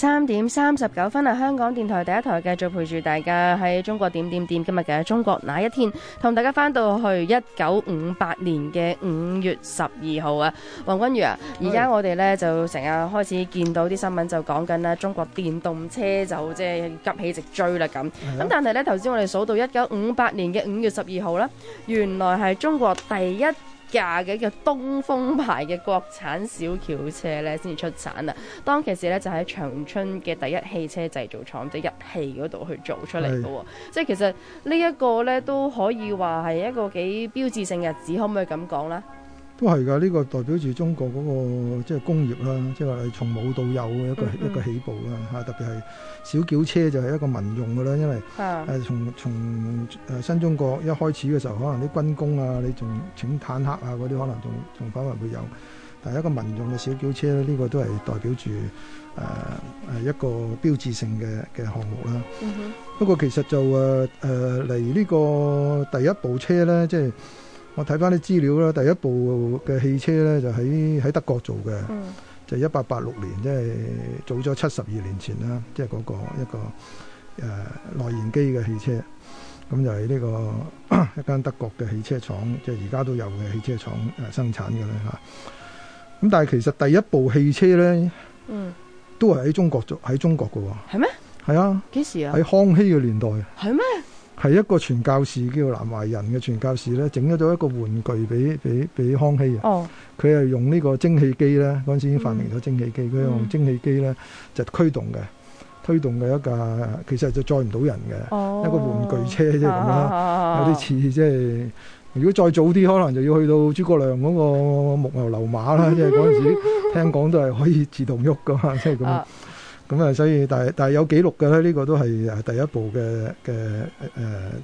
三點三十九分啊！香港電台第一台繼續陪住大家喺中國點點點，今日嘅中國那一天，同大家翻到去一九五八年嘅五月十二號啊！黃君如啊，而家我哋咧就成日開始見到啲新聞就講緊咧，中國電動車就即係急起直追啦咁。咁、mm hmm. 但係咧，頭先我哋數到一九五八年嘅五月十二號啦，原來係中國第一。架嘅叫東風牌嘅國產小轎車咧，先至出產啦。當其時咧，就喺長春嘅第一汽車製造廠，即、就是、一汽嗰度去做出嚟嘅。是即係其實呢一個咧，都可以話係一個幾標誌性日子，可唔可以咁講咧？都係㗎，呢個代表住中國嗰個即係工業啦，即係話係從冇到有嘅一個嗯嗯一個起步啦嚇，特別係小轎車，就係一個民用㗎啦，因為誒從從誒新中國一開始嘅時候，可能啲軍工啊，你仲請坦克啊嗰啲，可能仲仲反為會有，但係一個民用嘅小轎車咧，呢個都係代表住誒誒一個標誌性嘅嘅項目啦。嗯嗯不過其實就誒誒嚟呢個第一部車咧，即係。我睇翻啲資料啦，第一部嘅汽車咧就喺喺德國做嘅，就係一八八六年，即係早咗七十二年前啦，即係嗰個一個誒內燃機嘅汽車，咁就係呢個一間德國嘅汽車廠，即係而家都有嘅汽車廠誒生產嘅啦嚇。咁但係其實第一部汽車咧，都係喺中國做喺中國㗎喎。係咩？係啊，幾時啊？喺康熙嘅年代。係咩？係一個傳教士叫做南懷仁嘅傳教士咧，整咗咗一個玩具俾俾俾康熙啊！佢係、oh. 用呢個蒸汽機咧，嗰陣時已經發明咗蒸汽機，佢、mm. 用蒸汽機咧就是、驅動嘅推動嘅一架，其實就載唔到人嘅、oh. 一個玩具車即係咁啦，有啲似即係。如果再早啲，可能就要去到諸葛亮嗰個木牛流馬啦，即係嗰陣時聽講都係可以自動喐㗎嘛，即係咁。 咁啊，所以但係但係有記錄嘅咧，呢、這個都係誒第一部嘅嘅誒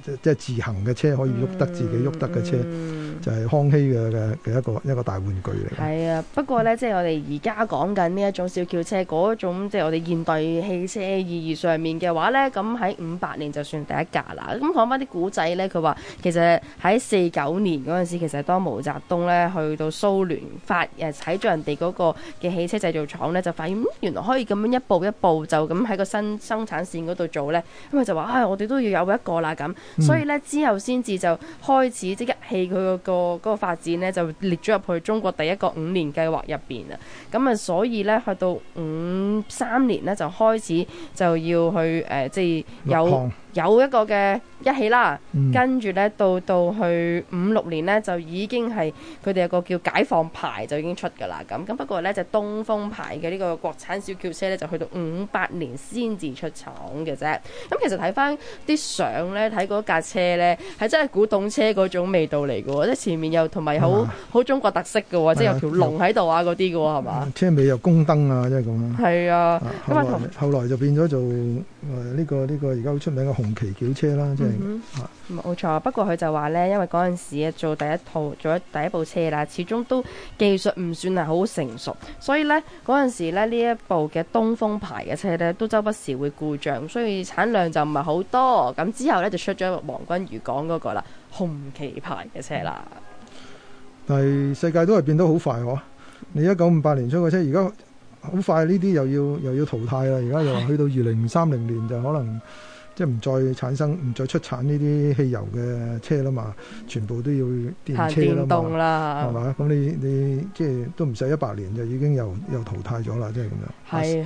即即自行嘅車可以喐得自己喐得嘅車，嗯、就係康熙嘅嘅嘅一個一個大玩具嚟嘅。係啊，嗯、不過咧，即係我哋而家講緊呢一種小轎車嗰種，即係我哋現代汽車意義上面嘅話咧，咁喺五八年就算第一架啦。咁講翻啲古仔咧，佢話其實喺四九年嗰陣時，其實當毛澤東咧去到蘇聯發誒踩咗人哋嗰個嘅汽車製造廠咧，就發現原來可以咁樣一步一。步就咁喺個新生產線嗰度做呢，咁咪就話唉、哎，我哋都要有一個啦咁，嗯、所以呢，之後先至就開始即一氣佢個個嗰發展呢，就列咗入去中國第一個五年計劃入邊啊。咁啊，所以呢，去到五三年呢，就開始就要去誒、呃，即係有。有一個嘅一起啦，嗯、跟住呢，到到去五六年呢，就已經係佢哋有個叫解放牌就已經出㗎啦咁，咁不過呢，就是、東風牌嘅呢個國產小轎車呢，就去到五八年先至出廠嘅啫。咁、嗯、其實睇翻啲相呢，睇嗰架車呢，係真係古董車嗰種味道嚟㗎喎，即係前面又同埋好好中國特色㗎喎，啊、即係有條龍喺度啊嗰啲㗎喎係嘛？車尾又宮燈啊，即係咁樣啊。係啊，後來後來就變咗做呢、呢個呢、呢個而家好出名嘅紅。紅旗轎車啦，即係冇錯。不過佢就話呢，因為嗰陣時做第一套做咗第一部車啦，始終都技術唔算係好成熟，所以呢，嗰陣時咧呢一部嘅東風牌嘅車呢，都周不時會故障，所以產量就唔係好多。咁之後呢，就出咗黃君如講嗰個啦，紅旗牌嘅車啦。但世界都係變得好快，啊、你一九五八年出嘅車，而家好快呢啲又要又要淘汰啦。而家又話去到二零三零年就可能。即係唔再產生、唔再出產呢啲汽油嘅車啦嘛，全部都要電車啦嘛，係嘛？咁你你即係都唔使一百年就已，已經又又淘汰咗啦，即係咁樣。係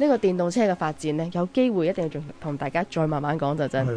呢個電動車嘅發展呢，有機會一定要同大家再慢慢講就真係。